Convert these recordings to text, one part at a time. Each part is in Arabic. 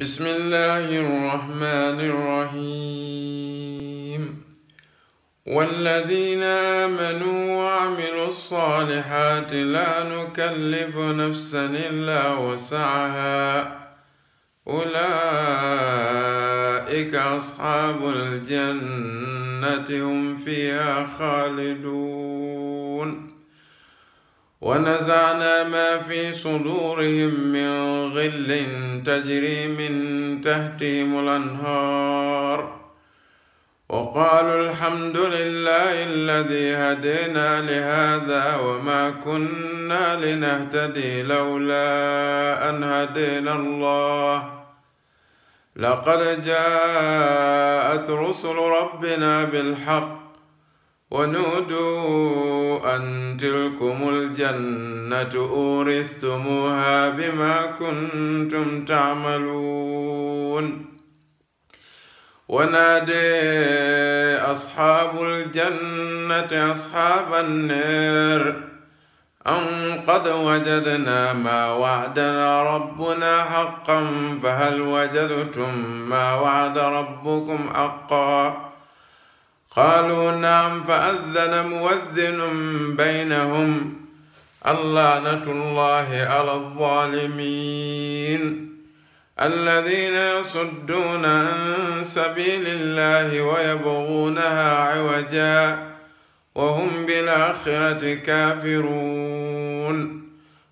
بسم الله الرحمن الرحيم والذين آمنوا وعملوا الصالحات لا نكلف نفسا إلا وسعها أولئك أصحاب الجنة هم فيها خالدون ونزعنا ما في صدورهم من غل تجري من تحتهم الأنهار وقالوا الحمد لله الذي هدينا لهذا وما كنا لنهتدي لولا أن هدينا الله لقد جاءت رسل ربنا بالحق ونودوا أن تلكم الجنة أورثتموها بما كنتم تعملون ونادى أصحاب الجنة أصحاب النار أن قد وجدنا ما وعدنا ربنا حقا فهل وجدتم ما وعد ربكم حقا قالوا نعم فأذن مؤذن بينهم اللعنة الله على الظالمين الذين يصدون عن سبيل الله ويبغونها عوجا وهم بالآخرة كافرون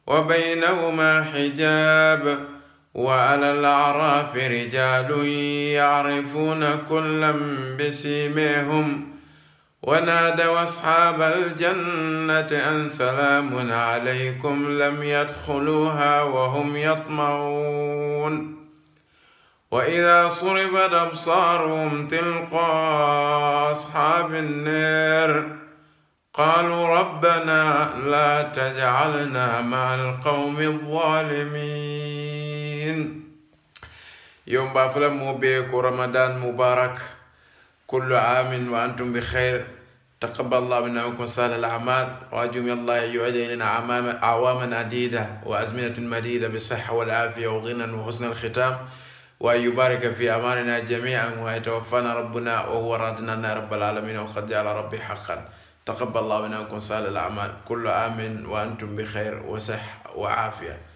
وبينهما حجاب وعلى الأعراف رجال يعرفون كلا بسيميهم ونادوا أصحاب الجنة أن سلام عليكم لم يدخلوها وهم يطمعون وإذا صربت أبصارهم تلقى أصحاب النار قالوا ربنا لا تجعلنا مع القوم الظالمين يوم بافلا مو بيكو رمضان مبارك كل عام وأنتم بخير تقبل الله منا منكم صالح الأعمال وأرجو الله أن يعيد إلينا أعواما عديدة وأزمنة مديدة بالصحة والعافية وغنى وحسن الختام وأن يبارك في أماننا جميعا ويتوفانا ربنا وهو رادنا يا رب العالمين وقد جعل ربي حقا تقبل الله منا ومنكم صالح الأعمال كل عام وأنتم بخير وصحة وعافية